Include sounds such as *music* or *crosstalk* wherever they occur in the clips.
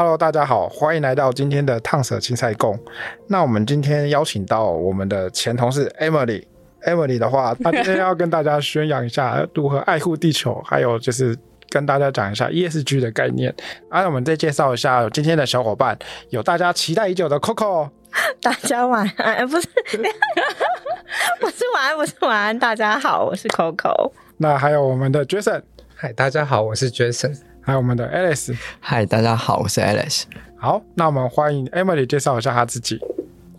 Hello，大家好，歡迎來到今天的 Tom Sir 青菜貢。那我們今天邀請到我們的前同事 Emily，Emily Emily 的話，她今天要跟大家宣揚一下如何愛護地球，還有就是跟大家講一下 ESG 的概念。啊，我們再介紹一下今天的小伙伴，有大家期待已久的 Coco。大家晚安，不是，不 *laughs* *laughs* 是晚安，不是晚安，大家好，我是 Coco。那還有我們的 Jason，嗨，大家好，我是 Jason。還有我們的 Alice。嗨，大家好，我是 Alice。好，那我們歡迎 Emily 介紹一下她自己。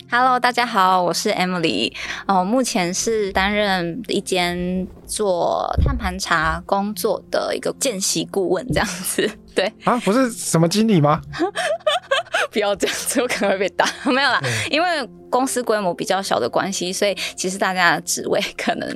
Hello，大家好，我是 Emily。哦，目前是擔任一間做碳盤查工作的一個見習顧問，這樣子。對啊，不是什麼經理嗎？ *laughs* 不要這樣子，我可能會被打。沒有啦，嗯、因為公司規模比較小的關係，所以其實大家的職位可能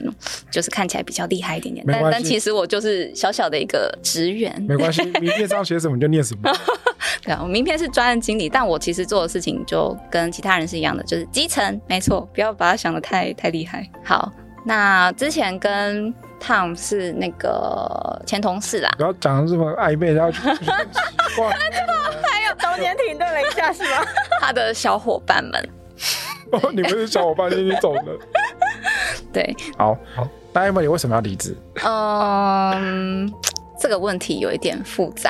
就是看起來比較厲害一點點。但但其實我就是小小的一個職員。沒關係，名片上寫什麼你就念什麼。 *laughs* 對啊，我名片是專案經理，但我其實做的事情就跟其他人是一樣的，就是基層。沒錯，不要把它想的太太厲害。好，那之前跟 Tom 是那個前同事啦。不要講的這麼曖昧，要麼。 *laughs* 哇 *laughs* 突然停頓了一下，是嗎？ *laughs* 他的小夥伴們， *laughs* 你不是小夥伴們，你走的對，好好。那 Emily，你為什麼要離職？嗯，這個問題有一點複雜。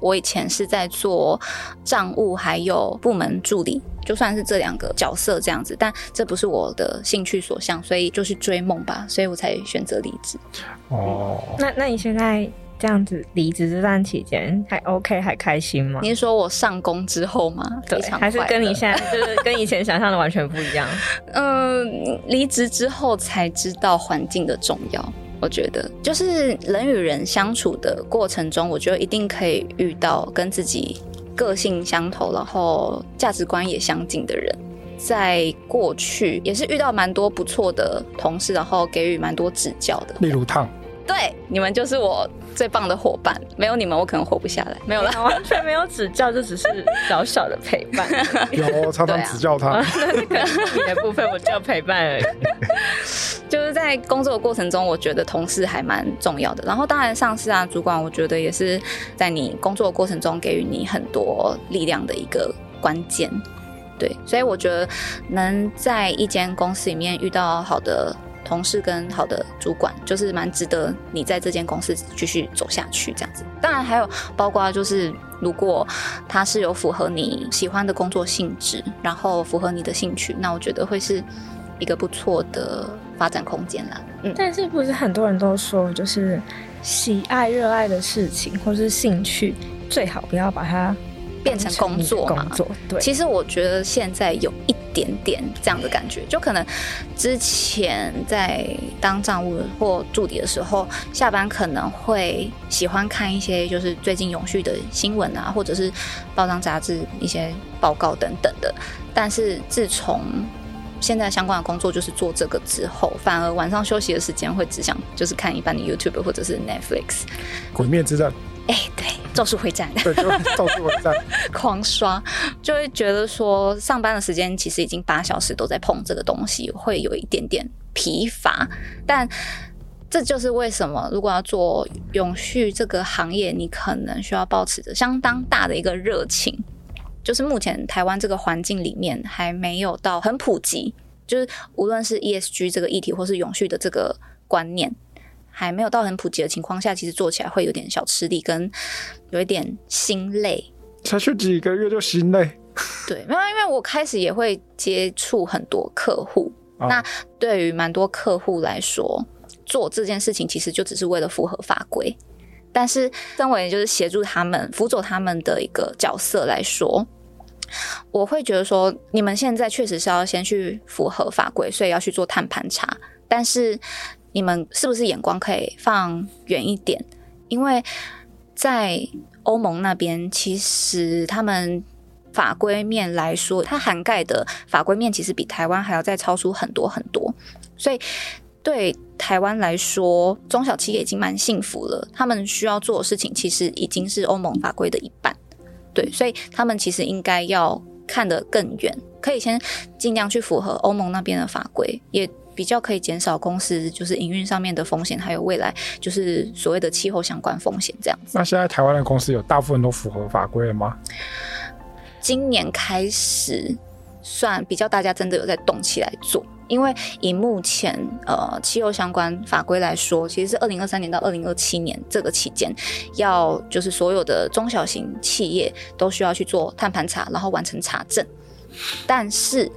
我以前是在做賬務，還有部門助理，就算是這兩個角色這樣子，但這不是我的興趣所向，所以就是追夢吧，所以我才選擇離職。哦、嗯，那那你現在？這樣子離職這段期間還 OK 還開心嗎？你是說我上工之後嗎？對，還是跟你現在 *laughs* 就是跟以前想象的完全不一樣？ *laughs* 嗯，離職之後才知道環境的重要。我覺得，就是人與人相處的過程中，我覺得一定可以遇到跟自己個性相投，然後價值觀也相近的人。在過去也是遇到蠻多不錯的同事，然後給予蠻多指教的，例如 Tom。對，你們就是我最棒的夥伴。沒有你們，我可能活不下來。沒有啦，完全沒有指教， *laughs* 就只是小小的陪伴。 *laughs* 有常常指教他。你的部分，我叫陪伴而已。那個、 *laughs* 就是在工作的過程中，我覺得同事還蠻重要的。然後當然，上司啊、主管，我覺得也是在你工作的過程中給予你很多力量的一個關鍵。對，所以我覺得能在一間公司裡面遇到好的。同事跟好的主管，就是蠻值得你在這間公司繼續走下去這樣子。當然還有包括就是，如果他是有符合你喜歡的工作性質，然後符合你的興趣，那我覺得會是一個不錯的發展空間啦。嗯，但是不是很多人都說，就是喜愛、熱愛的事情或是興趣，最好不要把它。變成工作嘛？對。其實我覺得現在有一點點這樣的感覺，就可能之前在當賬務或助理的時候，下班可能會喜歡看一些就是最近永續的新聞啊，或者是報章雜誌一些報告等等的。但是自從現在相關的工作就是做這個之後，反而晚上休息的時間會只想就是看一般的 YouTube 或者是 Netflix，《鬼滅之戰》。哎，對，咒術迴戰，對，咒術迴戰， *laughs* 狂刷，就會覺得說，上班的時間其實已經八小時都在碰這個東西，會有一點點疲乏。但這就是為什麼，如果要做永續這個行業，你可能需要保持着相當大的一個熱情。就是目前台灣這個環境裡面，還沒有到很普及，就是無論是 ESG 這個議題，或是永續的這個觀念。還沒有到很普及的情況下，其實做起來會有點小吃力，跟有一點心累。才去幾個月就心累？對，因為因為我開始也會接觸很多客戶、啊，那對於蠻多客戶來說，做這件事情其實就只是為了符合法規。但是，身為就是協助他們、輔佐他們的一個角色來說，我會覺得說，你們現在確實是要先去符合法規，所以要去做碳盤查，但是。你們是不是眼光可以放遠一點？因為在歐盟那邊，其實他們法規面來說，它涵蓋的法規面其實比台灣還要再超出很多很多。所以對台灣來說，中小企業已經蠻幸福了。他們需要做的事情，其實已經是歐盟法規的一半。對，所以他們其實應該要看得更遠，可以先盡量去符合歐盟那邊的法規，也。比較可以減少公司就是營運上面的風險，還有未來就是所謂的氣候相關風險這樣子。那現在台灣的公司有大部分都符合法規了嗎？今年開始算比較大家真的有在動起來做，因為以目前呃氣候相關法規來說，其實是二零二三年到二零二七年這個期間，要就是所有的中小型企業都需要去做碳盤查，然後完成查證。但是。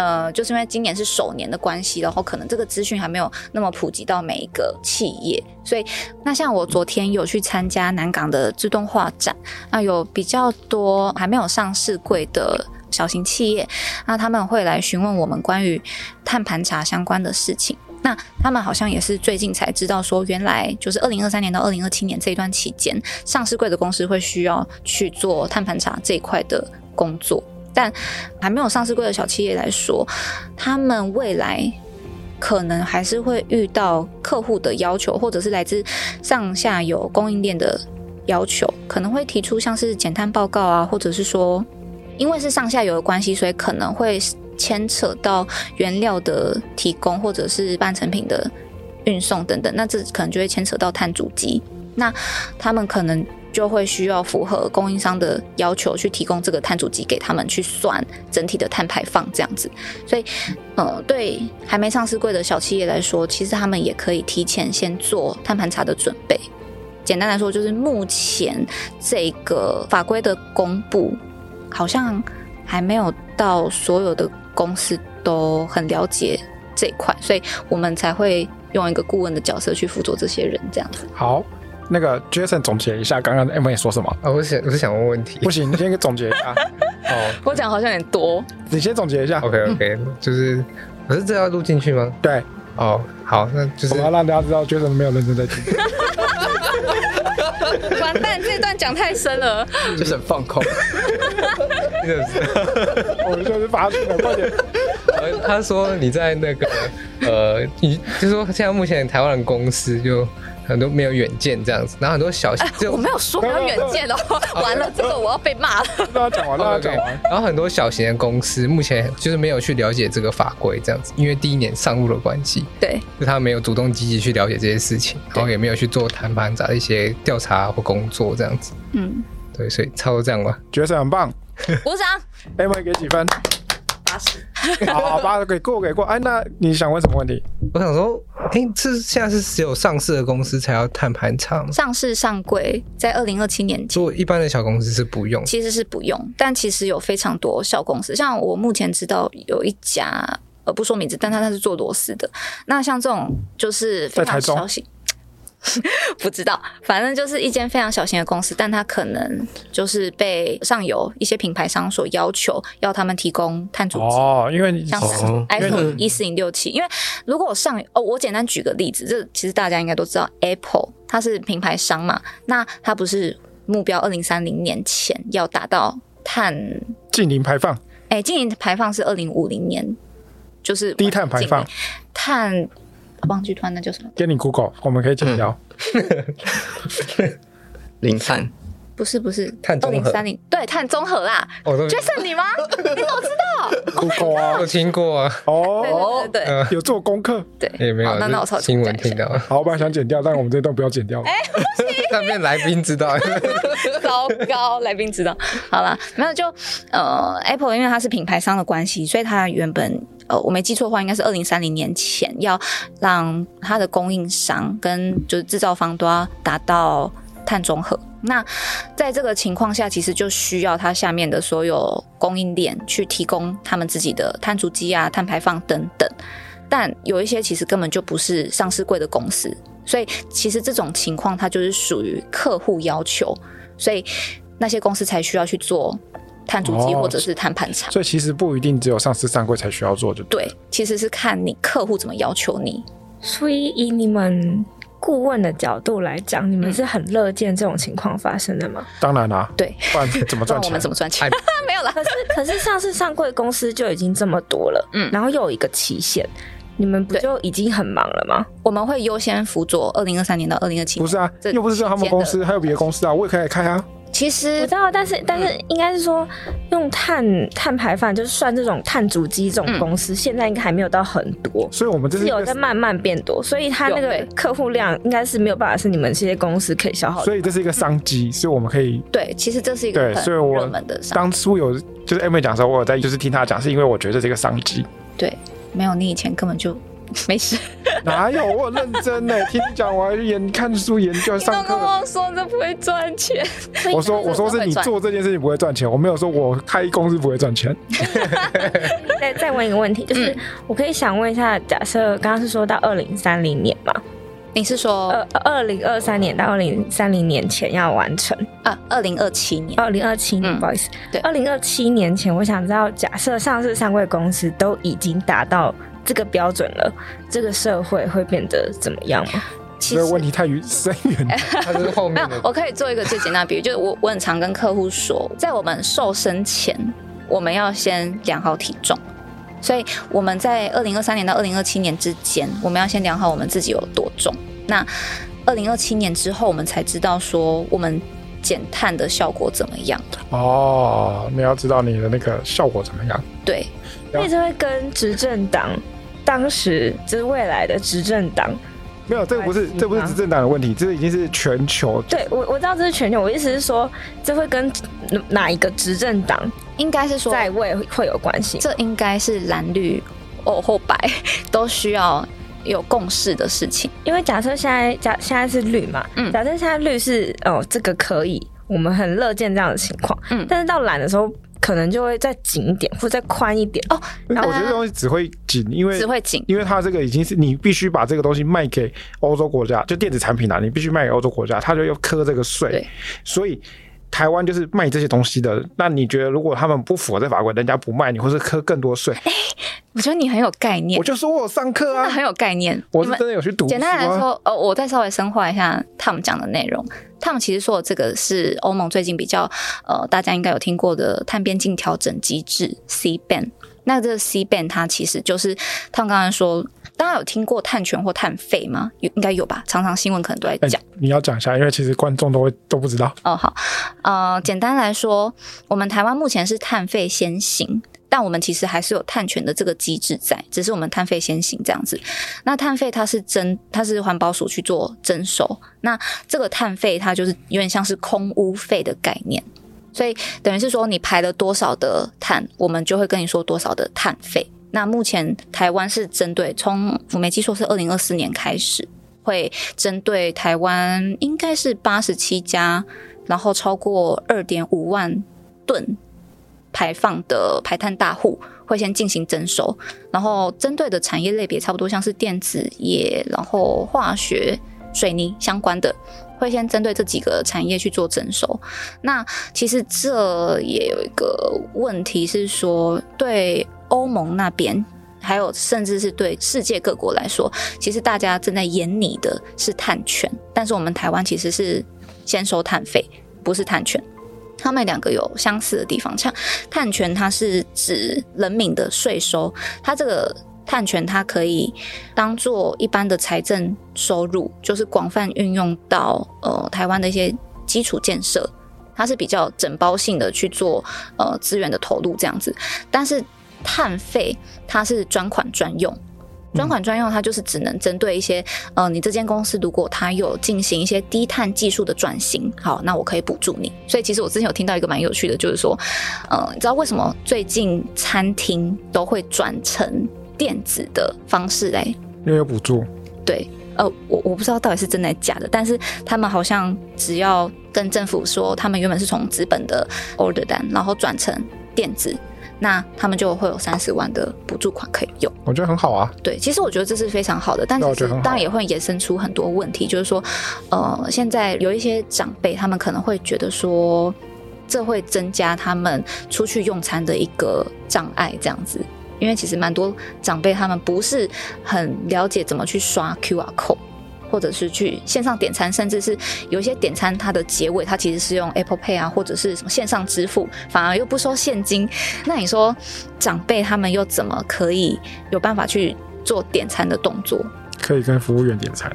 呃，就是因為今年是首年的關係，然後可能這個資訊還沒有那麼普及到每一個企業，所以那像我昨天有去參加南港的自動化展，那有比較多還沒有上市櫃的小型企業，那他們會來詢問我們關於碳盤查相關的事情，那他們好像也是最近才知道說，原來就是二零二三年到二零二七年這一段期間，上市櫃的公司會需要去做碳盤查這一塊的工作。但還沒有上市櫃的小企業來說，他們未來可能還是會遇到客戶的要求，或者是來自上下游供應鏈的要求，可能會提出像是減碳報告啊，或者是說，因為是上下游的關係，所以可能會牽扯到原料的提供，或者是半成品的運送等等。那這可能就會牽扯到碳足跡，那他們可能。就會需要符合供應商的要求去提供這個碳足跡，給他們去算整體的碳排放這樣子。所以，呃，對還沒上市櫃的小企業來說，其實他們也可以提前先做碳盤查的準備。簡單來說，就是目前這個法規的公布好像還沒有到所有的公司都很了解這一塊，所以我們才會用一個顧問的角色去輔佐這些人這樣子。好。那個 Jason 總結一下剛剛 Emily 說什麼？啊、哦，我是想我是想問問題，不行，你先給總結一下。哦、 *laughs* oh,，我講好像有點多，你先總結一下。OK OK，、嗯、就是，可是這要錄進去嗎？對，哦、oh,，好，那就是。我要讓大家知道 Jason 沒有認真在聽。 *laughs* *laughs* 完蛋，這段講太深了。Jason 放空。真的麼 *laughs* 我是不是發出快點、嗯？他說你在那個呃，你就是說現在目前台灣的公司就。很多沒有遠見這樣子，然後很多小型，欸、我沒有說沒有遠見嘍，完了 okay, 對對對這個我要被罵了。講完了，講完。然後很多小型的公司目前就是沒有去了解這個法規這樣子，因為第一年上路的關係，對，就他沒有主動積極去了解這些事情，然後也沒有去做談判、找一些調查或工作這樣子，嗯，對，所以差不多這樣吧。角色很棒，鼓掌，M 給幾分？八十。 *laughs* 好，好吧，給過給過。哎、啊，那你想問什麼問題？我想說，哎、欸，是現在是只有上市的公司才要碳盤查？上市上櫃在二零二七年做，一般的小公司是不用，其實是不用。但其實有非常多小公司，像我目前知道有一家，呃，不說名字，但他他是做螺絲的。那像這種就是非常小，心在台中。 *laughs* 不知道，反正就是一間非常小型的公司，但它可能就是被上游一些品牌商所要求，要他們提供碳足跡哦，因為像是 iPhone 一四零六七，因為如果我上游哦，我簡單舉個例子，這其實大家應該都知道，Apple 它是品牌商嘛，那它不是目標二零三零年前要達到碳淨零排放？哎，淨零排放是二零五零年，就是低碳排放碳。哦、忘記團那叫什麼？給你 Google，我們可以剪掉。零、嗯、三。 *laughs* 不是不是，碳中二零三零，對碳中和啦，就、oh, Jason 你嗎？你怎麼知道？ *laughs* Google 啊，我聽過啊、哦、oh, 對，對，對對對，uh, 有做功課。對也、欸、沒有，那我操，新聞聽到。了。好，我本來想剪掉，但我們這段不要剪掉了。哎、 *laughs* 欸，上不面 *laughs* 超高 *laughs* 來賓知道，糟糕，來賓知道。好了，沒有就呃，Apple 因為它是品牌商的關係，所以它原本呃，我沒記錯的話，應該是二零三零年前要讓它的供應商跟就是制造方都要達到。碳中和，那在這個情況下，其實就需要它下面的所有供應鏈去提供他們自己的碳足跡啊、碳排放等等。但有一些其實根本就不是上市櫃的公司，所以其實這種情況它就是屬於客戶要求，所以那些公司才需要去做碳足跡或者是碳盤查，哦。所以其實不一定只有上市上櫃才需要做，就對，對。其實是看你客戶怎麼要求你。所以，以你們顧問的角度來講，你們是很樂見這種情況發生的嗎？當然啦、啊。對，不然怎麼賺錢？ *laughs* 我們怎麼賺錢？I... *laughs* 沒有啦。可是，可是上次上櫃公司就已經這麼多了，嗯， *laughs* 然後又有一個期限， *laughs* 你們不就已經很忙了嗎？我們會優先輔佐二零二三年到二零二七，不是啊，又不是只有他們公司，還有別的公司啊，我也可以開啊。其實不知道，但是但是應該是說，用碳碳排放就是算這種碳足跡這種公司，嗯、現在應該還沒有到很多。所以，我們這是有在慢慢變多，所以它那個客戶量應該是沒有辦法是你們這些公司可以消耗，所以這是一個商機、嗯，所以我們可以對，其實這是一個很熱門的商機對，所以我們的。當初有，就是 Emily 講的時候，我有在就是聽他講，是因為我覺得這個商機。對，沒有你以前根本就。沒事，哪有，我很認真呢？聽你講，我還研看書研究上課。說這不會賺錢，我說我說是你做這件事情不會賺錢，我沒有說我開公司不會賺錢。再 *laughs* 再問一個問題，就是我可以想問一下，假設剛剛是說到二零三零年嘛？你是說二二零二三年到二零三零年前要完成啊？二零二七年，二零二七年，不好意思，對，二零二七年前，我想知道，假設上市上櫃公司都已經達到。這個標準了，這個社會會變得怎麼樣？其實、這個、問題太深遠，它 *laughs* 是後面 *laughs* 沒有，我可以做一個最簡單比喻。 *laughs* 就是我我很常跟客戶說，在我們瘦身前，我們要先量好體重，所以我們在二零二三年到二零二七年之間，我們要先量好我們自己有多重。那二零二七年之後，我們才知道說我們減碳的效果怎麼樣。哦，你要知道你的那個效果怎麼樣？對，所以就會跟執政黨。當時就是未來的執政黨，沒有這個不是，這個、不是執政黨的問題，這已經是全球。對我我知道這是全球、嗯，我意思是說，這會跟哪一個執政黨，應該是說在位會有關係。這應該是藍綠哦或白都需要有共識的事情。因為假設現在假現在是綠嘛，嗯，假設現在綠是哦這個可以，我們很樂見這樣的情況，嗯，但是到藍的時候。可能就會再緊一點，或再寬一點哦。我覺得這東西只會緊，啊，因為只會緊，因為它這個已經是你必須把這個東西賣給歐洲國家，就電子產品啊，你必須賣給歐洲國家，它就要扣這個稅，所以。台灣就是賣這些東西的，那你覺得如果他們不符合這法規，人家不賣你，或是課更多稅？欸，我覺得你很有概念。我就說我有上課啊，很有概念。我們真的有去讀、啊？簡單來說，呃，我再稍微深化一下他們講的內容。他 *laughs* 們其實說的這個是歐盟最近比較呃，大家應該有聽過的碳邊境調整機制 CBAM。那這個 CBAM 它其實就是他們剛才說。大家有聽過碳權或碳費嗎？有應該有吧，常常新聞可能都在講。欸，你要講一下，因為其實觀眾都會都不知道。哦好，呃，簡單來說，我們台灣目前是碳費先行，但我們其實還是有碳權的這個機制在，只是我們碳費先行這樣子。那碳費它是徵，它是環保署去做徵收。那這個碳費它就是有點像是空污費的概念，所以等於是說你排了多少的碳，我們就會跟你說多少的碳費。那目前台灣是針對，從我沒記錯是二零二四年開始會針對台灣應該是八十七家，然後超過二點五萬噸排放的排碳大戶會先進行徵收，然後針對的產業類別差不多像是電子業，然後化學、水泥相關的，會先針對這幾個產業去做徵收。那其實這也有一個問題是說對。歐盟那邊，還有甚至是對世界各國來說，其實大家正在研擬的是碳權，但是我們台灣其實是先收碳費，不是碳權。他們兩個有相似的地方，像碳權它是指人民的稅收，它這個碳權它可以當做一般的財政收入，就是廣泛運用到呃台灣的一些基礎建設，它是比較整包性的去做呃資源的投入這樣子，但是。碳費它是專款專用，專款專用，它就是只能針對一些、嗯、呃，你這間公司如果它有進行一些低碳技術的轉型，好，那我可以補助你。所以其實我之前有聽到一個蠻有趣的，就是說，呃，你知道為什麼最近餐廳都會轉成電子的方式咧？因為有補助。對，呃，我我不知道到底是真的還假的，但是他們好像只要跟政府說，他們原本是從紙本的 order 單，然後轉成電子。那他們就會有三十萬的補助款可以用，我覺得很好啊。對，其實我覺得這是非常好的，但是當然也會衍生出很多問題，就是說，呃，現在有一些長輩他們可能會覺得說，這會增加他們出去用餐的一個障礙這樣子，因為其實蠻多長輩他們不是很了解怎麼去刷 QR code。或者是去線上點餐，甚至是有一些點餐，它的結尾它其實是用 Apple Pay 啊，或者是什麼線上支付，反而又不收現金。那你說長輩他們又怎麼可以有辦法去做點餐的動作？可以跟服務員點餐，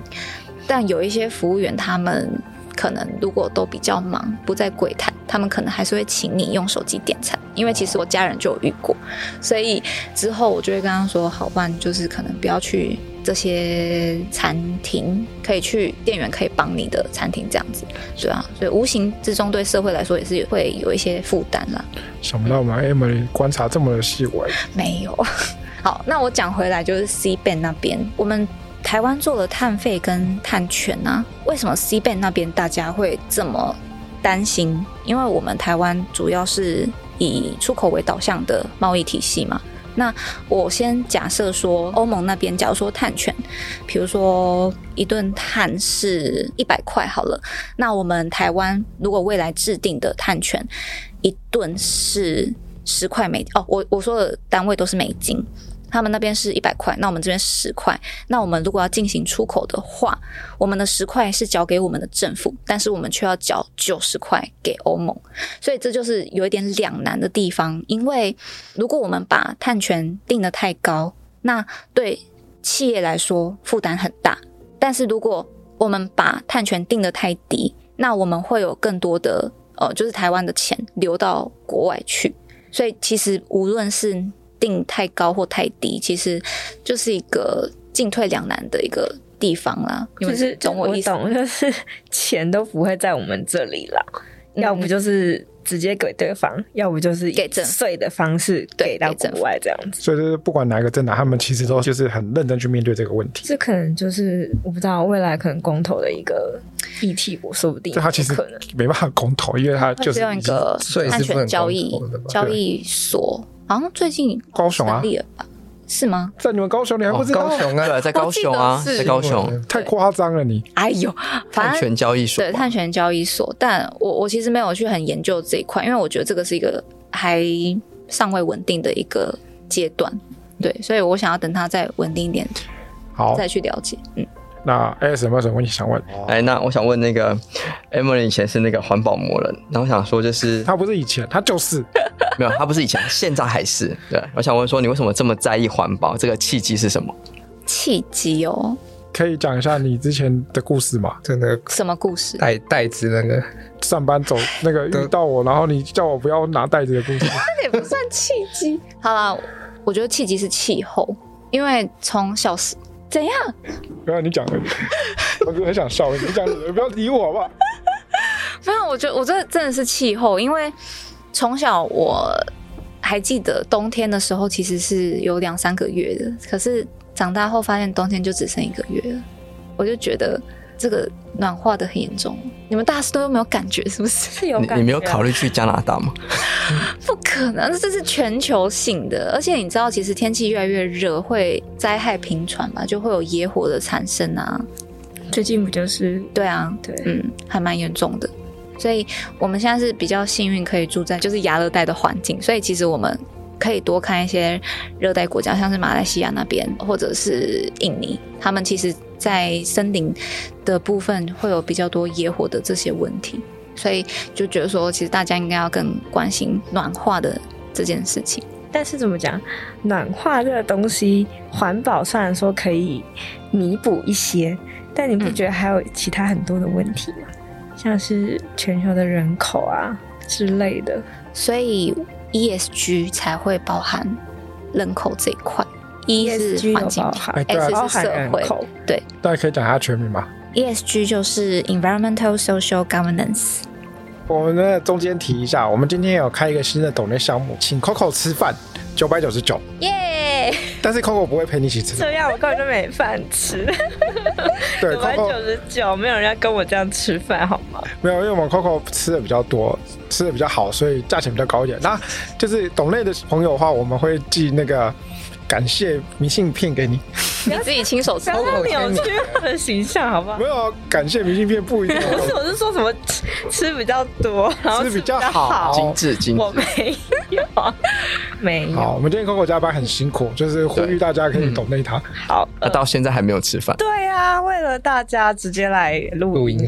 但有一些服務員他們可能如果都比較忙，不在櫃台，他們可能還是會請你用手機點餐。因為其實我家人就有遇過，所以之後我就會跟他說：“好辦，就是可能不要去。”這些餐廳可以去，店員可以幫你的餐廳這樣子，所以啊，所以無形之中對社會來說也是會有一些負擔啦。想不到我們 Emily 觀察這麼細微。嗯。沒有， *laughs* 好，那我講回來就是 C b a n 那邊，我們台灣做了碳費跟碳權呢，啊、為什麼 C b a n 那邊大家會這麼擔心？因為我們台灣主要是以出口為導向的貿易體系嘛。那我先假設說，歐盟那邊假如說碳權，比如說一噸碳是一百塊好了。那我們台灣如果未來制定的碳權，一噸是十塊美金，哦，我我說的單位都是美金。他們那邊是一百塊，那我們這邊是十塊。那我們如果要進行出口的話，我們的十塊是交給我們的政府，但是我們卻要繳九十塊給歐盟。所以這就是有一點兩難的地方。因為如果我們把碳權定得太高，那對企業來說負擔很大，但是如果我們把碳權定得太低，那我們會有更多的呃，就是台灣的錢流到國外去。所以其實無論是定太高或太低，其實就是一個進退兩難的一個地方啦。就是懂我意思我，就是錢都不會在我們這裡啦、嗯。要不就是直接給對方，要不就是給整稅的方式給到國外這樣子。所以就是不管哪一個政黨，他們其實都就是很認真去面對這個問題。這可能就是我不知道未來可能公投的一個議題，我說不定他其實沒辦法公投，因為他就是，一是，是用一個安全交易交易所。好、啊、像最近高雄啊，是嗎？在你們高雄，你還不知道、啊哦、高雄啊， *laughs* 對啊？在高雄啊，在高雄，嗯、太誇張了你！哎呦，碳權交易所對碳權交易所，但我我其實沒有去很研究這一塊，因為我覺得這個是一個還尚未穩定的一個階段，對，所以我想要等它再穩定一點，好再去了解，嗯。那哎，什麼什麼，你想問？哎、欸，那我想問那個 Emily 以前是那個環保魔人，那我想說就是，她不是以前，她就是 *laughs* 沒有，她不是以前，現在還是。對，我想問說，你為什麼這麼在意環保？這個契機是什麼？契機哦，可以講一下你之前的故事嗎？真的？什麼故事？帶袋子那個上班走那個遇到我， *laughs* 然後你叫我不要拿袋子的故事嗎？這 *laughs* 也不算契機。好了，我覺得契機是氣候，因為從小時。怎樣？不要、啊、你講了，我就很想笑。你講， *laughs* 你不要理我好不好？我覺得我這真的是氣候，因為從小我還記得冬天的時候其實是有兩三個月的，可是長大後發現冬天就只剩一個月了，我就覺得。這個暖化得很嚴重，你們大師都有沒有感覺，是不是？有？ *laughs* 你沒有考慮去加拿大嗎？ *laughs* 不可能，這這是全球性的，而且你知道，其實天氣越來越熱，會災害頻傳嘛，就會有野火的產生啊。最近不就是？對啊，對，嗯，還蠻嚴重的。所以我們現在是比較幸運，可以住在就是亞熱帶的環境，所以其實我們。可以多看一些熱帶國家，像是馬來西亞那邊或者是印尼，他們其實在森林的部分會有比較多野火的這些問題，所以就覺得說，其實大家應該要更關心暖化的這件事情。但是怎麼講，暖化這個東西，環保雖然說可以彌補一些，但你不覺得還有其他很多的問題嗎？嗯、像是全球的人口啊之類的，所以。E S G 才會包含人口這一塊，E 是環境，S、欸啊、是社會，對。大家可以講一下全名嗎？E S G 就是 Environmental Social Governance。我們中間提一下，我們今天有開一個新的斗內項目，請 Coco 吃飯，九百九十九。耶、yeah!！但是 Coco 不會陪你一起吃，這樣我根本就沒飯吃。 *laughs* *laughs* 對，九十九，沒有人要跟我這樣吃飯好嗎？ *laughs* 沒有，因為我們 Coco 吃的比較多，吃的比較好，所以價錢比較高一點。那就是懂類的朋友的話，我們會寄那個感謝明信片給你。要自己親手吃。超扭曲的形象，好不好？沒有，感謝明信片不一定有。不是，我是說什麼吃吃比較多，然後吃比較好，精致精致。我沒有，沒 *laughs* 有 *laughs* 我們今天 Coco 加班很辛苦，就是呼籲大家可以懂那堂、嗯。好，那、啊、到現在還沒有吃飯。對啊，為了大家直接來錄錄音。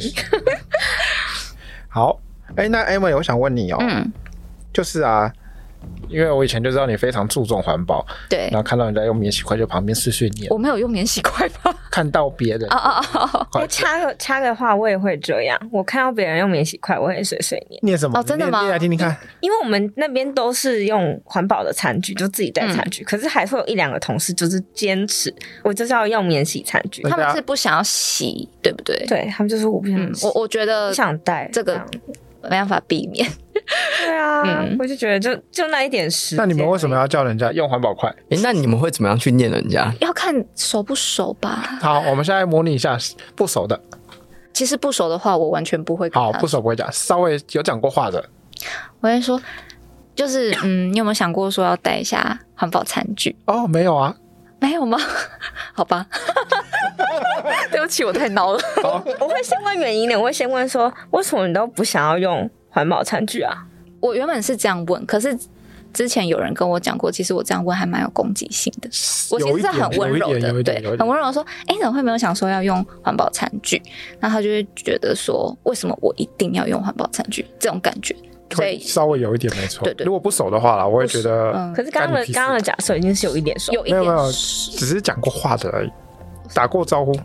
*laughs* 好，哎、欸，那 Emily 我想問你哦、喔嗯，就是啊。因為我以前就知道你非常注重環保，對，然後看到你在用免洗筷，就旁邊碎碎念。我沒有用免洗筷吧？看到別人哦哦哦，oh, oh, oh, oh. 我插個插個話，我也會這樣。我看到別人用免洗筷，我會碎碎念。念什麼？哦，真的嗎？你來聽聽看。因為我們那邊都是用環保的餐具，就自己帶餐具、嗯。可是還是會有一兩個同事就是堅持，我就是要用免洗餐具。他們是不想要洗，對不對？對，他們就是我不想，我我覺得我不想帶，這個沒辦法避免。對啊、嗯，我就覺得就就那一點時間，那你們為什麼要叫人家用環保筷？哎、欸，那你們會怎麼樣去念人家？要看熟不熟吧。好，我們現在模擬一下不熟的。其實不熟的話，我完全不會。好，不熟不會講，稍微有講過話的，我先說，就是嗯，你有沒有想過說要帶一下環保餐具？哦，沒有啊，沒有嗎？好吧， *laughs* 對不起，我太孬了、哦。我會先問原因的。我會先問說，為什麼你都不想要用？環保餐具啊！我原本是這樣問，可是之前有人跟我講過，其實我這樣問還蠻有攻擊性的。我其實是很溫柔的，對，很溫柔說：“哎、欸，你怎麼會沒有想說要用環保餐具？”那他就會覺得說：“為什麼我一定要用環保餐具？”這種感覺，所以稍微有一點沒錯。對，對對，如果不熟的話啦，我也覺得、嗯。可是剛剛的剛剛的假設已經是有一點熟，有一點，沒有沒有只是講過話的，而已。打過招呼。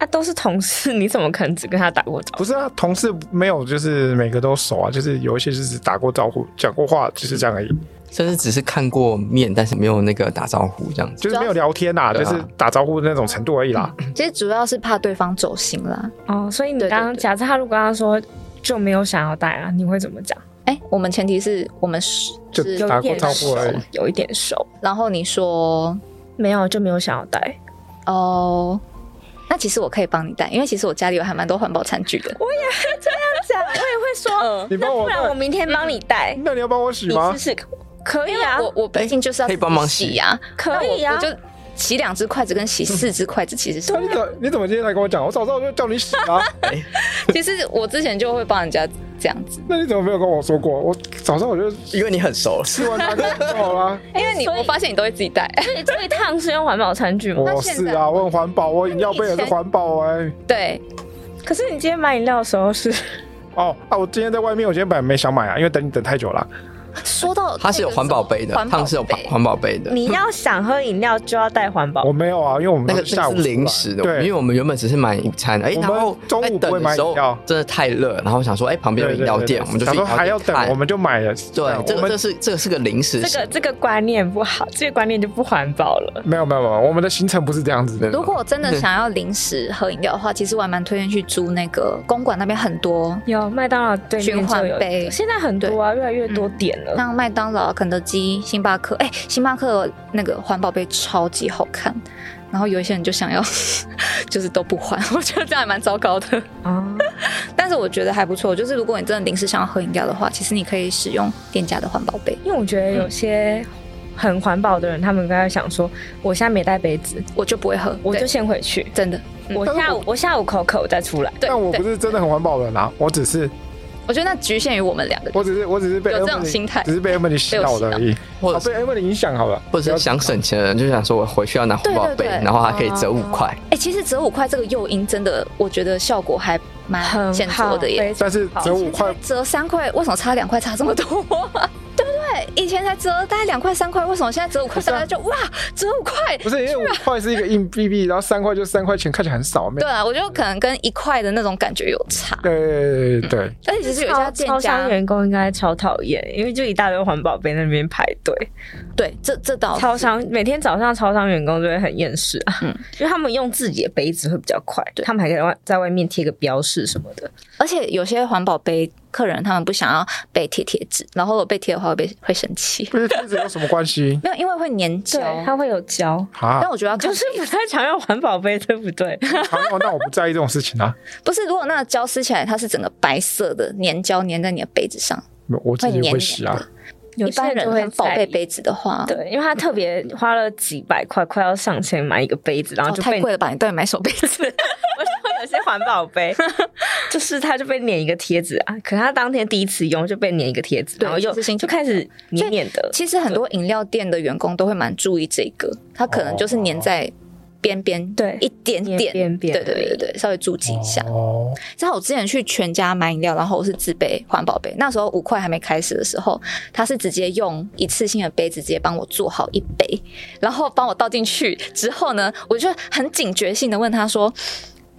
他、啊、都是同事，你怎麼可能只跟他打過招呼？不是啊，同事沒有，就是每個都熟啊，就是有一些就是打過招呼、講過話，就是這樣而已。甚、嗯、至只是看過面，但是沒有那個打招呼這樣子，就是沒有聊天啊，啊，就是打招呼的那種程度而已啦、嗯。其實主要是怕對方走心啦。哦、嗯，所以你剛剛假設他如果他說就沒有想要帶啊對對對，你會怎麼講？哎、欸，我們前提是我們是就打過招呼而已，有一點熟，有一點熟，然後你說沒有就沒有想要帶哦。那其實我可以幫你帶，因為其實我家裡有還蠻多環保餐具的。我也會這樣講， *laughs* 我也會說， *laughs* 呃、你幫我帶，那不然我明天幫你帶。那你要幫我洗嗎？可以啊，我我畢竟就是要幫忙洗呀，可以啊。洗兩只筷子跟洗四只筷子、嗯、其實是。啊、你怎麼你怎麼今天才跟我講？我早上我就叫你洗啊。 *laughs* 其實我之前就會幫人家這樣子。 *laughs* 那你怎麼沒有跟我說過？我早上我就因為你很熟吃完他就就好了、啊。因為你我發現你都會自己帶。所以你這一趟是用環保餐具嗎？我是啊，我很環保，我飲料杯也是環保哎、欸。對，可是你今天買飲料的時候是？哦啊，我今天在外面，我今天本來沒想買啊，因為等你等太久了、啊。說到它是有環保杯的，他們是有環保杯的。你要想喝飲料，就要帶環保杯。 *laughs* 我沒有啊，因為我們下午那個那是零食的，對，因為我們原本只是買一餐。哎、欸，然後中午會、欸、等的時候，真的太熱，然後想說，哎、欸，旁邊有飲料店，對對對對，我們就對對對對，想說還要等，我們就買了。對，這個這是這個是個零食，這個這個觀念不好，這個觀念就不環保了。沒有沒有沒有，我們的行程不是這樣子的。如果我真的想要零食喝飲料的話， *laughs* 其實我還蠻推薦去租那個公館那邊很多有麥當勞循環杯，現在很多啊，越來越多點。嗯像麥當勞、肯德基、星巴克，哎、欸，星巴克那個環保杯超級好看。然後有一些人就想要，就是都不還，我覺得這樣也蠻糟糕的。啊， *laughs* 但是我覺得還不錯。就是如果你真的臨時想要喝飲料的話，其實你可以使用店家的環保杯，因為我覺得有些很環保的人，嗯、他們應該想說，我現在沒帶杯子，我就不會喝，我就先回去。真的，嗯、我下午我下午口渴，我再出來。但我不是真的很環保的人啊，我只是。我覺得那侷限於我們兩個，就是，我只是我只是被 MD, 有這種心態，只是被 Emily 洗到而已，或者被 Emily 影響好了。或者想省錢的人就想說，我回去要拿紅包杯，然後還可以折五塊。哎、啊欸，其實折五塊這個誘因真的，我覺得效果還蠻很顯著的耶。但是折五塊，折三塊為什麼差兩塊差這麼多啊？以前才折，大概兩塊三塊，為什麼現在折五塊？大家就哇，啊、折五塊！不是，啊、因為五塊是一個硬幣幣，然後三塊就三塊錢，看起來很少，對對啊，我覺得可能跟一塊的那種感覺有差。對對對，對、嗯、對，對，對，對，而且其實有些超、超商員工應該超討厭，因為就一大堆環保杯那邊排隊。對，這這倒是超商每天早上超商員工就會很厭世啊，嗯，因為他們用自己的杯子會比較快，對他們還可以外在外面貼個標示什麼的。而且有些環保杯。客人他們不想要被貼貼紙，然後我被貼的話會被會生氣。不是，貼紙有什麼關係？沒有，因為會粘膠，它會有膠。哈、啊，但我覺得要就是不太想要環保杯，對不對？啊，那我不在意這種事情啊。 *laughs* 不是，如果那個膠撕起來，它是整個白色的粘膠粘在你的杯子上，有我自己會洗啊。黏黏一般人會寶貝杯子的話，對，因為他特別花了幾百塊、嗯，快要上千買一個杯子，然後就、哦、太貴了，吧？你帶買手杯子。 *laughs* *laughs* 有些環保杯， *laughs* 就是他就被粘一個貼紙啊。可是他當天第一次用就被粘一個貼紙，然後又就開始粘粘的。其實很多飲料店的員工都會蠻注意這個，注意這個，他可能就是粘在邊邊，對一點點邊邊，對對對對，稍微注意一下哦。像我之前去全家買飲料，然後我是自備環保杯，那時候五塊還沒開始的時候，他是直接用一次性的杯子直接幫我做好一杯，然後幫我倒進去之後呢，我就很警覺性的問他說。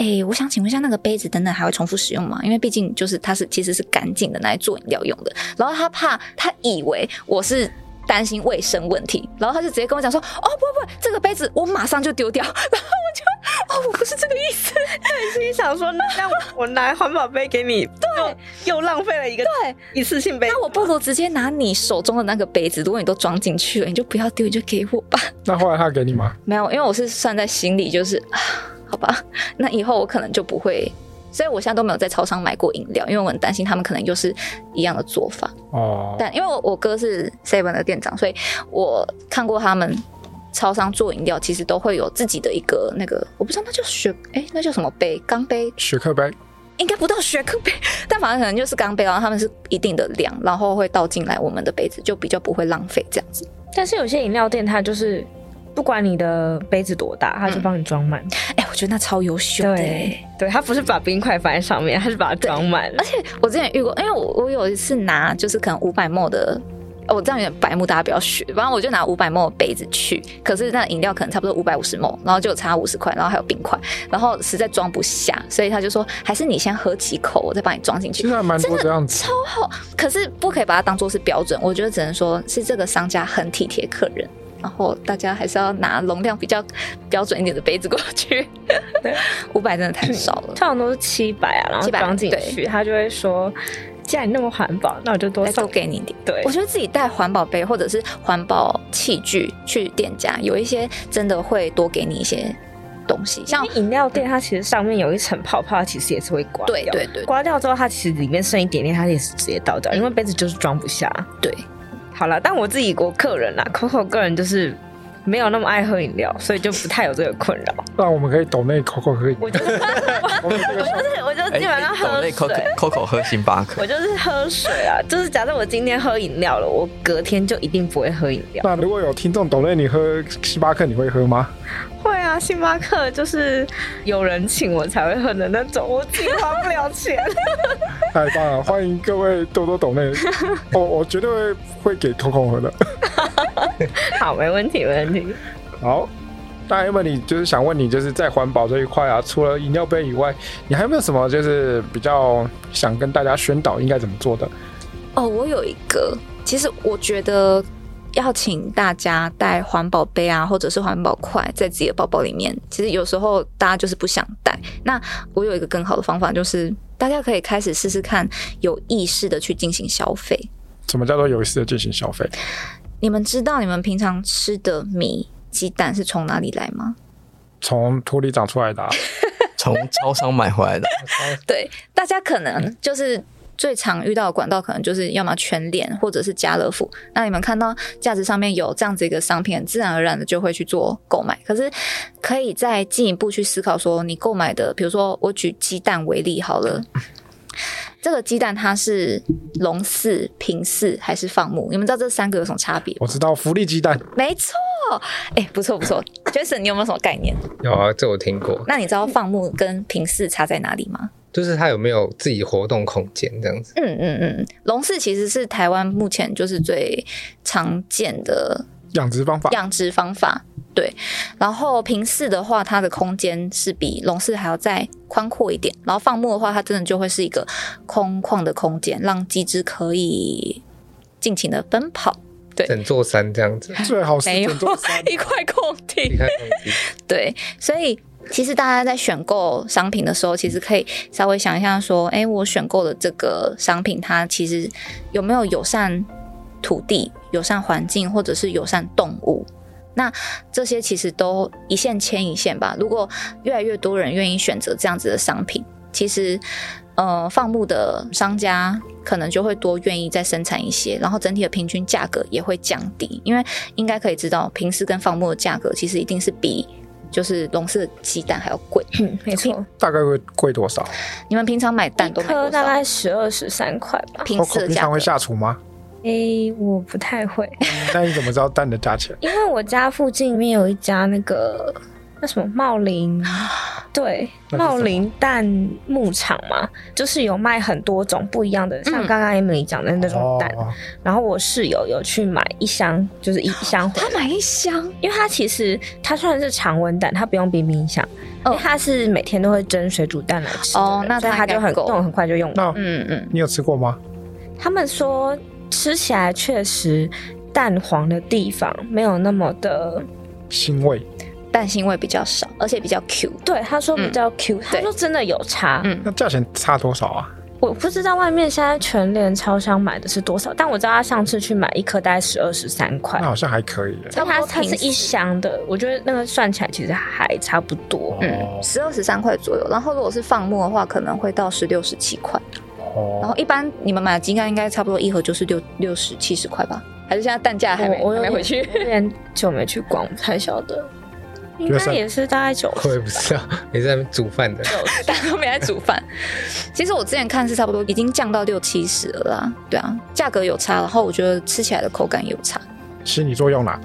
哎、欸，我想請問一下，那個杯子等等還會重複使用嗎？因為畢竟就是它是其實是乾淨的，拿來做飲料用的。然後他怕他以為我是擔心衛生問題，然後他就直接跟我講說：“哦，不不，這個杯子我馬上就丟掉。”然後我就哦，我不是這個意思，心裡 *laughs* 想說，那我,我拿環保杯給你， *laughs* 對又，又浪費了一個對一次性杯子。那我不如直接拿你手中的那個杯子，如果你都裝進去了，你就不要丟，你就給我吧。那後來他給你嗎？沒有，因為我是算在心裡，就是 *laughs* 好吧，那以後我可能就不會，所以我現在都沒有在超商買過飲料，因為我很擔心他們可能又是一樣的做法。哦、oh。但因為我我哥是 seven 的店長，所以我看過他們超商做飲料，其實都會有自己的一個那個，我不知道那叫雪哎，那叫什麼杯？鋼杯？雪克杯？應該不到雪克杯，但反正可能就是鋼杯，然後他們是一定的量，然後會倒進來我們的杯子，就比較不會浪費這樣子。但是有些飲料店它就是。不管你的杯子多大，他就幫你裝滿。哎、嗯，欸，我覺得那超優秀的，欸。對，對，他不是把冰塊放在上面，他是把它裝滿。而且我之前遇過，因為我我有一次拿就是可能 500ml 的，我這樣有點白目，大家不要學。然後我就拿 500ml 的杯子去，可是那飲料可能差不多 550ml，然後就差五十塊，然後還有冰塊，然後實在裝不下，所以他就說，還是你先喝幾口，我再幫你裝進去。其實還蠻多這樣子，真的，超好。可是不可以把它當作是標準，我覺得只能說是這個商家很體貼客人。然後大家還是要拿容量比較標準一點的杯子過去，對，五百真的太少了，嗯、通常都是七百啊，然後裝進去700，他就會說，既然你那麼環保，那我就多送給你一點。對，我覺得自己帶環保杯或者是環保器具去店家，有一些真的會多給你一些東西。像飲料店，它其實上面有一層泡泡，它其實也是會刮掉，對對，對，對，對，對，對對，刮掉之後，它其實裡面剩一點點，它也是直接倒掉，嗯、因為杯子就是裝不下。對。好了，但我自己國客人啦、啊、，Coco 個人就是沒有那麼愛喝飲料，所以就不太有這個困擾。那 *laughs* *laughs* 我們可以斗內 Coco 喝，我就是、我就基本上喝水，Coco、欸欸、喝星巴克，我就是喝水啊。就是假設我今天喝飲料了，我隔天就一定不會喝飲料。那如果有聽眾斗內，你喝星巴克你會喝嗎？啊、星巴克就是有人請我才會喝的那種，我自己花不了錢。太棒了，歡迎各位多多斗內。我、 *laughs* 哦、我絕對會給空空喝的。 *laughs* 好，沒問題，沒問題。好，那 Emily 你就是想問你，就是在環保這一塊啊，除了飲料杯以外，你還有沒有什麼就是比較想跟大家宣導應該怎麼做的？哦，我有一個，其實我覺得。要請大家帶環保杯啊，或者是環保筷，在自己的包包裡面。其實有時候大家就是不想帶。那我有一個更好的方法，就是大家可以開始試試看，有意識的去進行消費。什麼叫做有意識的進行消費？你們知道你們平常吃的米、雞蛋是從哪裡來嗎？從土裡長出來的、啊，從 *laughs* 超商買回來的。 *laughs* 對，大家可能就是。最常遇到的管道可能就是要麼全聯，或者是家樂福。那你們看到架子上面有這樣子一個商品，自然而然的就會去做購買。可是可以再進一步去思考，說你購買的，比如說我舉雞蛋為例好了， *laughs* 這個雞蛋它是籠飼、平飼還是放牧？你們知道這三個有什麼差別？我知道福利雞蛋，沒錯。哎、欸，不錯不錯 *laughs* ，Jason，你有沒有什麼概念？有啊，這我聽過。那你知道放牧跟平飼差在哪裡嗎？就是它有沒有自己活動空間這樣子？嗯嗯嗯，籠、嗯、飼其實是台灣目前就是最常見的養殖方法。養殖方法對，然後平飼的話，它的空間是比籠飼還要再寬闊一點。然後放牧的話，它真的就會是一個空曠的空間，讓雞只可以盡情的奔跑。對，整座山這樣子最好是 *laughs* 沒有一塊空地。對，所以。其實大家在選購商品的時候，其實可以稍微想一下，說，哎、欸，我選購的這個商品，它其實有沒有友善土地、友善環境，或者是友善動物？那這些其實都一線牽一線吧。如果越來越多人願意選擇這樣子的商品，其實，呃，放牧的商家可能就會多願意再生產一些，然後整體的平均價格也會降低，因為應該可以知道，平時跟放牧的價格其實一定是比。就是籠飼雞蛋還要貴。嗯，沒錯。大概會貴多少？你們平常買蛋都買多少？大概十二十三塊吧。平，oh, 平常會下廚嗎？誒、欸，我不太會。那、嗯、你怎麼知道蛋的價錢？ *laughs* 因為我家附近裡面有一家那個。那什麼茂林，對茂林蛋牧場嘛，就是有賣很多種不一樣的，嗯、像剛剛 Emily 講的那種蛋、哦。然後我室友有去買一箱，就是一,、哦、一箱。他買一箱，因為他其實他算是常溫蛋，他不用冰冰箱。哦。因為他是每天都會蒸水煮蛋來吃。哦，那他它就很那種很快就用。到。嗯嗯，你有吃過嗎？他們說吃起來確實蛋黃的地方沒有那麼的腥味。蛋腥味比較少，而且比較 Q。對，他說比較 Q，、嗯、他說真的有差。嗯,嗯，那價錢差多少啊？我不知道外面現在全聯超商買的是多少，但我知道他上次去買一顆大概十二十三塊。那好像還可以。但它它是一箱的，我覺得那個算起來其實還差不多。哦、嗯，十二十三塊左右。然後如果是放牧的話，可能會到十六十七塊。哦。然後一般你們買的雞蛋應該差不多一盒就是六六十七十塊吧？還是現在蛋價還沒、哦、還沒回去？很久就沒去逛，不太曉得。應該也是大概九十，我也不知道，也是在煮飯的， *laughs* *laughs* 大家都沒在煮飯。其實我之前看的是差不多已經降到六七十了啦，對啊，價格有差，然後我覺得吃起來的口感也有差。心理作用啦，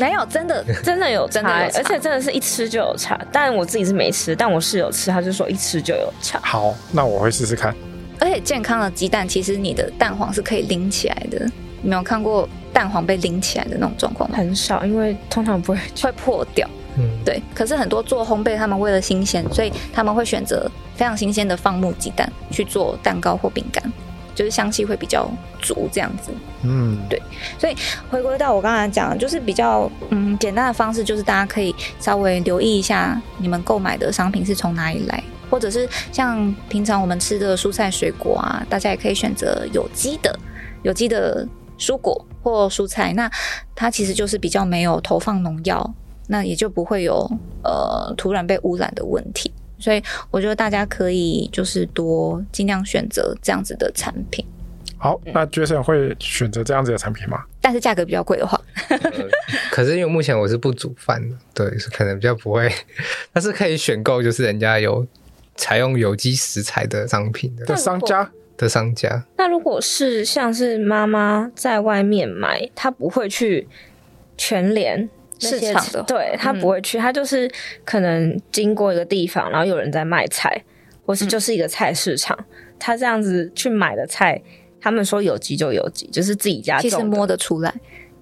沒有，真的真的有真的有、欸、而且真的是一吃就有差。但我自己是沒吃，但我室友吃，他就說一吃就有差。好，那我會試試看。而且健康的雞蛋，其實你的蛋黃是可以拎起來的。沒有看過蛋黃被拎起來的那種狀況嗎？很少，因為通常不會會破掉。嗯，對。可是很多做烘焙，他們為了新鮮，所以他們會選擇非常新鮮的放牧雞蛋去做蛋糕或餅乾，就是香氣會比較足這樣子。嗯，對。所以回歸到我剛才講的，就是比較嗯簡單的方式，就是大家可以稍微留意一下你們購買的商品是從哪裡來，或者是像平常我們吃的蔬菜水果啊，大家也可以選擇有機的有機的蔬果或蔬菜，那它其實就是比較沒有投放農藥。那也就不會有呃，土壤被污染的問題，所以我覺得大家可以就是多盡量選擇這樣子的產品。好，那 Jason 會選擇這樣子的產品嗎？嗯、但是價格比較貴的話 *laughs* 、呃，可是因為目前我是不煮飯的，對，所以可能比較不會。但是可以選購，就是人家有採用有機食材的商品的，的商家的商家。那如果是像是媽媽在外面買，她不會去全聯。市場，市場的對、嗯、他不會去，他就是可能經過一個地方，然後有人在賣菜，或是就是一個菜市場，嗯、他這樣子去買的菜，他們說有機就有機，就是自己家其實摸得出來。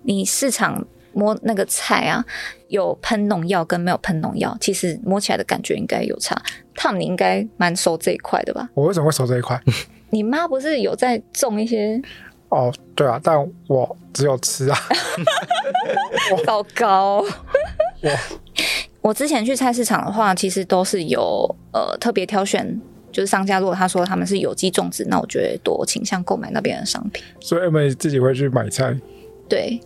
你市場摸那個菜啊，有噴農藥跟沒有噴農藥，其實摸起來的感覺應該有差。Tom 你應該蠻熟這一塊的吧？我為什麼會熟這一塊？ *laughs* 你媽不是有在種一些？哦、oh，對啊，但我只有吃啊。糟 *laughs* 糕！ *laughs* 好高哦、我 *laughs* 我之前去菜市場的話，其實都是有呃特別挑選，就是商家如果他說他們是有機種植，那我覺得多傾向購買那邊的商品。所以你們自己會去買菜？對。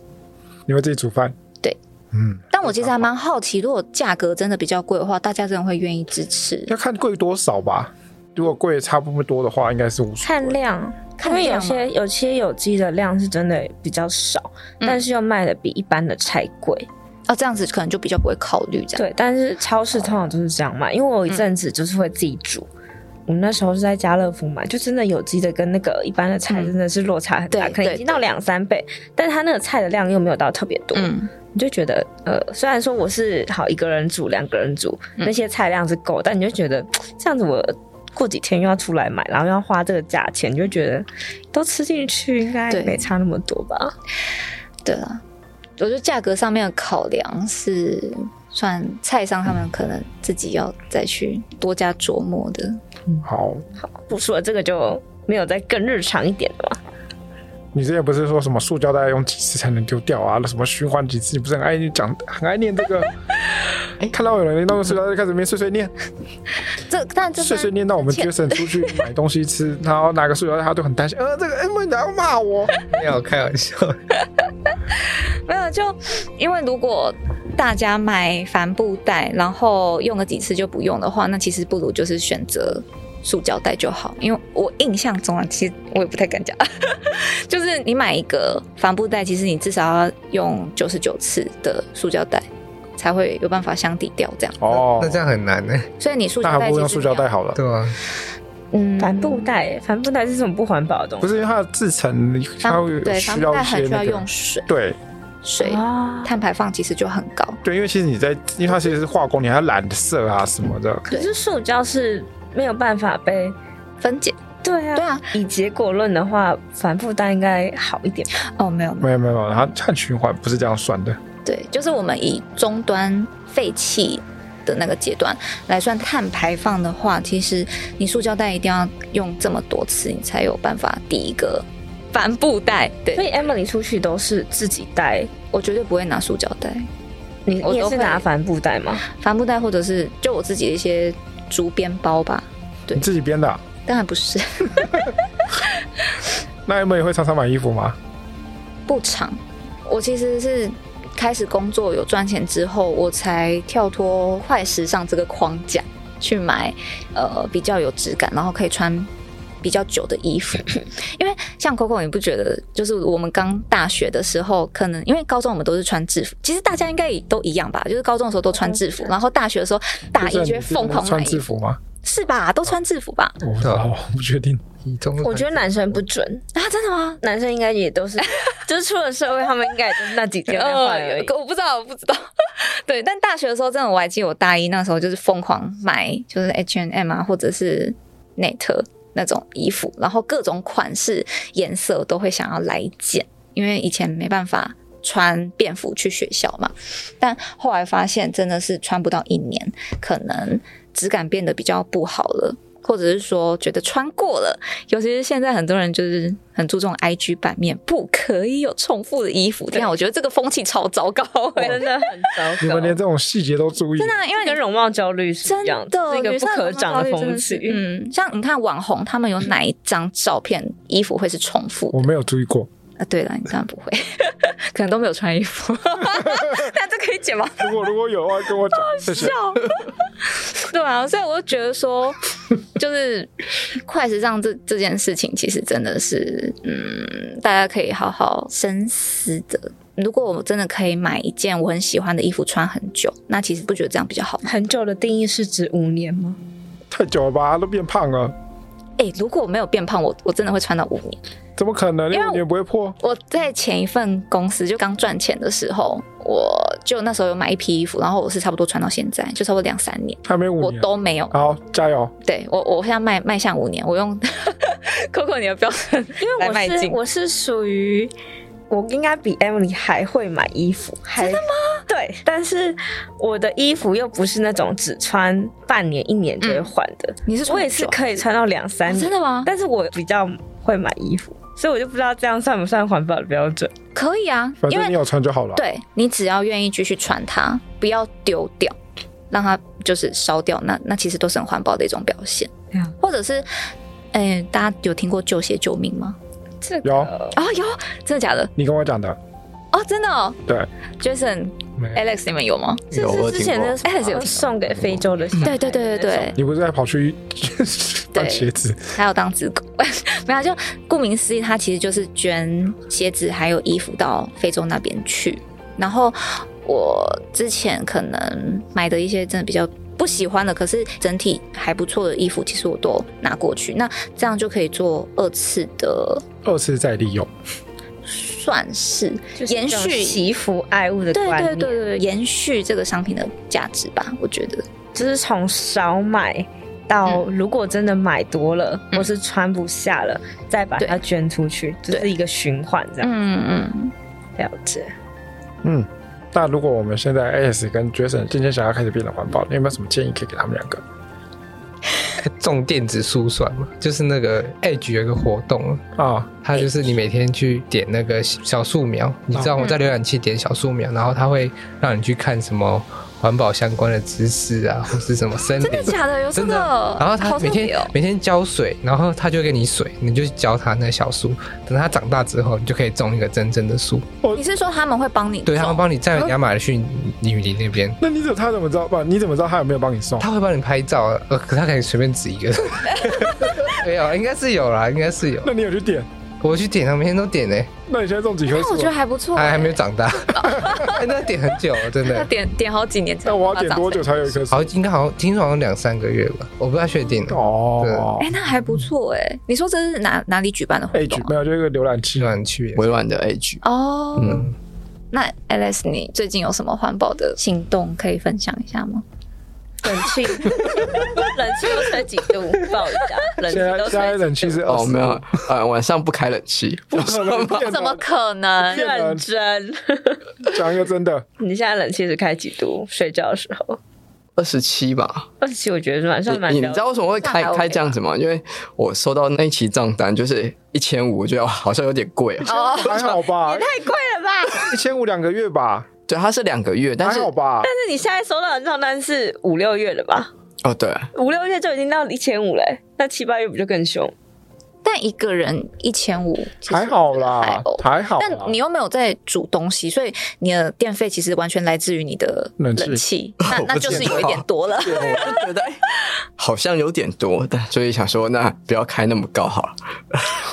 你會自己煮飯？對。嗯。但我其實還蠻好奇，如果價格真的比較貴的話，大家真的會願意支持？要看貴多少吧。如果貴差不多的話，應該是無所謂。看量。因為有，有，有些有些有機的量是真的比較少，嗯、但是又賣的比一般的菜貴，啊、哦，這樣子可能就比較不會考慮這樣。對，但是超市通常就是這樣賣。因為我有一陣子就是會自己煮，嗯、我那時候是在家樂福買，就真的有機的跟那個一般的菜真的是落差很大，嗯、可能已經到兩三倍，嗯、但是它那個菜的量又沒有到特別多，嗯，你就覺得呃，雖然說我是好一個人煮兩個人煮，那些菜量是夠、嗯，但你就覺得這樣子我。過幾天又要出來買，然後又要花這個價錢，你就覺得都吃進去應該沒差那麼多吧？對啊，我覺得價格上面的考量是算菜商他們可能自己要再去多加琢磨的。嗯，好，好，不說這個，就沒有再更日常一點的吧。你之前不是說什麼塑料袋，用幾次才能丟掉啊？什麼循環幾次？你不是很愛講、很愛念這個？ *laughs* 欸、看到有人用塑料袋，就開始沒碎碎念。 *laughs* 這但這碎碎念到我們 Jason 出去買東西吃，然後拿個塑料袋，他都很擔心。 *laughs* 呃，這個 M V、欸、要罵我。 *laughs* 沒有，我開玩笑。 *laughs* 沒有，就因為如果大家買帆布袋，然後用個幾次就不用的話，那其實不如就是選擇塑膠袋就好，因為我印象中，啊，其實我也不太敢講，就是你買一個帆布袋，其實你至少要用九十九次的塑膠袋，才會有辦法相抵掉這樣。哦、嗯，那這樣很難呢。所以你塑膠袋還不如用塑膠袋好了，對嗎、啊？嗯，帆布袋，欸，帆布袋是什麼不環保的東西？不是，因為它的製成它對帆布袋很需要用水，那個，對水碳排放其實就很高、哦。對，因為其實你在，因為它其實是化工，你還要染色啊什麼的。可是塑膠是。沒有辦法被分解，對啊，對啊。以結果論的話，帆布袋應該好一點。哦，沒有，沒有，沒有，沒有。它碳循環不是這樣算的。對，就是我們以終端廢棄的那個階段來算碳排放的話，其實你塑膠袋一定要用這麼多次，你才有辦法第一個帆布袋。對，所以 Emily 出去都是自己帶，我絕對不會拿塑膠袋。你，我都是拿帆布袋嘛，帆布袋或者是就我自己的一些。竹編包吧，對，你自己編的啊？當然不是 *laughs* 。那你們也會常常買衣服嗎？不常。我其實是開始工作有賺錢之後，我才跳脫快時尚這個框架去買，呃，比較有質感，然後可以穿。比較久的衣服，因為像 Coco，你不覺得就是我們剛大學的時候，可能因為高中我們都是穿制服，其實大家應該也都一樣吧？就是高中的時候都穿制服，嗯、然後大學的時候大一瘋狂買制服嗎？是吧？都穿制服吧？啊、我不知道，我不確定。我覺得男生不準啊，真的嗎？男生應該也都是， *laughs* 就是出了社會，他們應該就是那幾件，嗯、哦，我不知道，我不知道。 *laughs* 對，但大學的時候，真的我還記得我大一那時候就是瘋狂買，就是 H and M 啊，或者是 NET，那種衣服，然後各種款式、顏色都會想要來一件，因為以前沒辦法穿便服去學校嘛。但後來發現，真的是穿不到一年，可能質感變得比較不好了。或者是說覺得穿過了，尤其是現在很多人就是很注重 IG 版面，不可以有重複的衣服。這樣、啊、我覺得這個風氣超糟糕，真的很糟糕。你們連這種細節都注意，真的，因為你的容貌焦慮是真的，是一個不可長的風氣。嗯，像你看網紅，他們有哪一張照片、嗯、衣服會是重複？我沒有注意過。啊，對了，你當然不會， *laughs* 可能都沒有穿衣服。 *laughs* 但這可以剪嗎？ *laughs* 如果如果有的話，我還跟我講。好笑。 *laughs* 對啊，所以我就覺得說。就是快時尚這這件事情，其實真的是，嗯，大家可以好好深思的。如果我真的可以買一件我很喜歡的衣服穿很久，那其實不覺得這樣比較好。很久的定義是指五年嗎？太久了吧，都變胖了。哎、欸，如果我沒有變胖，我我真的會穿到五年？怎麼可能？兩年不會破？我在前一份公司就剛賺錢的時候，我就那時候有買一批衣服，然後我是差不多穿到現在，就差不多兩三年，還沒五年，我都沒有。好，加油！對，我我現在邁邁向五年，我用 Coco *laughs* 你的標準，因為我是我是屬於。我應該比 Emily 還會買衣服還，真的嗎？對，但是我的衣服又不是那種只穿半年、一年就會換的、嗯。你是我也是可以穿到兩三年、啊，真的嗎？但是，我比較會買衣服，所以我就不知道這樣算不算環保的標準。可以啊，因為反正你有穿就好了、啊。對你只要願意繼續穿它，不要丟掉，讓它就是燒掉，那那其實都是很環保的一種表現。對啊，或者是，哎、欸，大家有聽過舊鞋救命嗎？有、這、啊、個，有，、哦、有真的假的？你跟我講的哦，真的、哦。對，Jason、Alex 你們有嗎？有，是是之前的我 Alex 有的送給非洲的，的、嗯，對對對對對。你不是還跑去捐鞋子，還有當子。啊、 *laughs* 沒有，就顧名思義，他其實就是捐鞋子還有衣服到非洲那邊去。然後我之前可能買的一些真的比較。不喜歡的，可是整體還不錯的衣服，其實我都拿過去。那這樣就可以做二次的，二次再利用，算是延續惜、就是、惜福愛物的觀念，對對對對，延續這個商品的價值吧。我覺得就是從少買到，如果真的買多了、嗯、或是穿不下了，再把它捐出去，就是一個循環，這樣。嗯嗯，了解。嗯。那如果我們現在 AS 跟 Jason 今天想要開始變得環保，你有沒有什麼建議可以給他們兩個？種電子書算嗎？就是那個 Edge 有個活動啊、哦，它就是你每天去點那個小樹苗、哦，你知道我在瀏覽器點小樹苗、哦，然後它會讓你去看什麼。環保相關的知識啊，或是什麼 *laughs* 真的假的，有的？真的，然後他每天、哦、每天澆水，然後他就給你水，你就澆他那個小樹。等它長大之後，你就可以種一個真正的樹。哦，你是說他們會幫你？對他們幫你在亞馬遜雨林那邊。那你怎麼，他怎麼知道吧？你怎麼知道他有沒有幫你送？他會幫你拍照呃，可他可以隨便指一個。沒有，應該是有啦，應該是有。那你有去點？我去點、啊，我每天都點呢、欸。那你現在種幾棵樹、啊？欸、那我覺得還不錯、欸，還，還沒有長大。哎、 *laughs* *laughs* 欸，那點很久了，真的。 *laughs* 點點好幾年才。那、嗯、我要點多久才有一顆樹？好，應該好像聽說好像兩三個月吧，我不太確定哦。哎、欸，那還不錯哎、欸。你說這是哪哪裡舉辦的活動、啊？Edge 沒有，就是一個瀏覽器上去微軟的 Edge 哦。嗯，那 Alex 你最近有什麼環保的行動可以分享一下嗎？ *laughs* 冷氣，冷氣又開幾度？報一下，冷氣都開冷氣是哦，oh, 沒有、呃，晚上不開冷氣 *laughs* ，怎麼可能？認真，講一個真的，你現在冷氣是開幾度？睡覺的時候，二十七吧，二十七我覺得蠻算蠻，你知道為什麼會開開這樣子嗎？因為我收到那期賬單就是一千五，我覺得好像有點貴哦、啊，oh, 還好吧？太貴了吧？一千五兩個月吧。對，它是兩個月，但是但是你現在收到的賬單是五六月的吧？哦，對，五六月就已經到一千五嘞，那七八月不就更兇？但一個人一千五還好啦，還好。還好但你又沒有在煮東西，所以你的電費其實完全來自於你的冷氣，那那就是有一點多了，我 *laughs* 對，我就覺得 *laughs* 好像有點多，但所以想說，那不要開那麼高好了。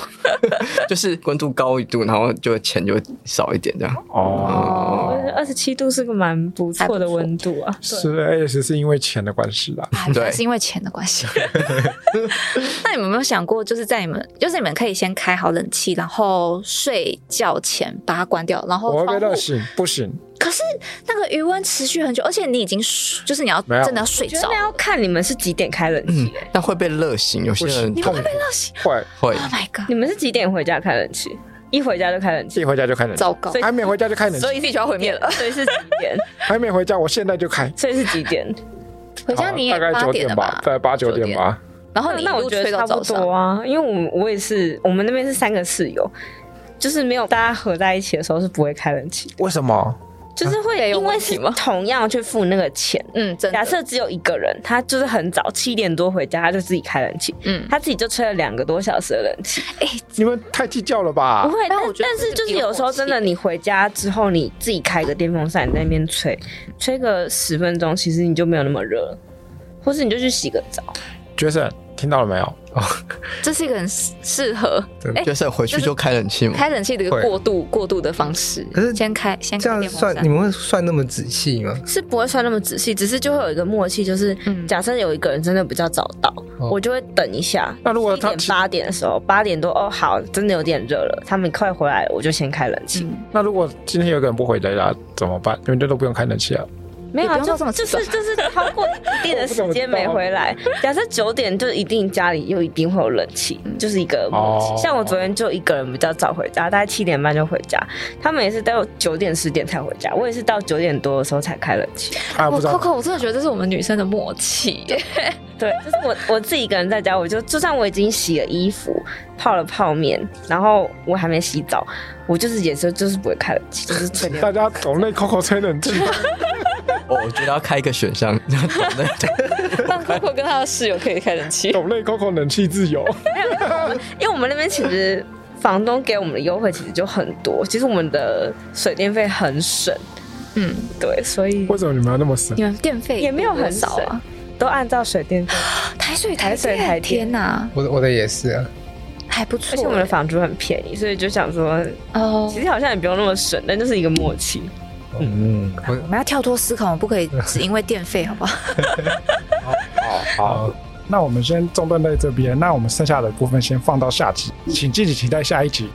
*laughs* *laughs* 就是溫度高一度，然後就錢就少一點這樣。哦，二十七度是個蠻不錯的溫度啊。是，其實是因為錢的關係啦。對，是因為錢的關係。 *laughs* *laughs* *laughs* 那你們有沒有想過，就是在你們，就是你們可以先開好冷氣，然後睡覺前把它關掉，然後我覺得熱醒，不行。可是那個餘溫持續很久，而且你已經就是你要真的要睡着，真的要看你們是幾點開冷氣，欸，那、嗯、會被熱醒。有些人你會被熱醒，會會。Oh my god！你們是幾點回家開冷氣？一回家就開冷氣，一回家就開冷氣，糟糕所以！還沒回家就開冷氣，所以地球就要毀滅了。所以是幾點？ *laughs* 還沒回家，我現在就開。所以是幾點？回家你也大概八點吧，點吧，大概八九點吧。然後你那，那我覺得差不多啊，因為我我也是，我們那邊是三個室友，就是沒有大家合在一起的時候是不會開冷氣。為什麼？就是會因為同樣去付那個錢，啊、嗯，假設只有一個人，他就是很早七點多回家，他就自己開冷氣，嗯，他自己就吹了兩個多小時的冷氣。欸，你們太計較了吧？不會，但但是就是有時候真的，你回家之後你自己開個電風扇在那邊吹，吹個十分鐘，其實你就沒有那麼熱，或是你就去洗個澡，Jason。聽到了沒有？ *laughs* 這是一個很適合、欸，就是回去就開冷氣嘛，就是、開冷氣的一個過渡、過渡的方式。可是先開，先這樣算開，你們會算那麼仔細嗎？是不會算那麼仔細，只是就會有一個默契，就是假設有一個人真的比較早到、嗯，我就會等一下。那如果他八點,點的時候，八點多哦，好，真的有點熱了，他們快回來，我就先開冷氣、嗯。那如果今天有個人不回來了，怎麼辦？你們真的不用開冷氣啊？沒有、啊， *laughs* 就是就是超過一定的時間沒回來。啊、假設九點就一定家裡又一定會有冷氣， *laughs* 就是一個人默契。像我昨天就一個人比較早回家，嗯、大概七點半就回家。哦、他們也是要九點十點才回家，我也是到九點多的時候才開冷氣。我、啊、coco、哦、我真的覺得這是我們女生的默契。對，就是我我自己一個人在家，我就就算我已經洗了衣服、泡了泡麵，然後我還沒洗澡，我就是也就是、就是、就是不會開冷氣，就是、大家懂內 Coco 開冷氣？ *laughs* 哦，我覺得要開一個選項，要 *laughs* *laughs* 讓 Coco 跟他的室友可以開冷氣， *laughs* 懂內 Coco 冷氣自由 *laughs* 因？因為我們那邊其實房東給我們的優惠其實就很多，其實我們的水電費很省，嗯，對，所以為什麼你們要那麼省？你們電費也沒，也沒有很少啊。都按照水電費，台水台，台水台電，天、啊。吶，我我的也是啊，還不錯，欸。而且我們的房租很便宜，所以就想說，哦，oh.，其實好像也不用那麼省，但就是一個默契。嗯，嗯我們要跳脫思考，不可以只因為電費，好不好？ *laughs* 好，好，好， *laughs* 那我們先中斷在這邊，那我們剩下的部分先放到下集，請敬請期待下一集。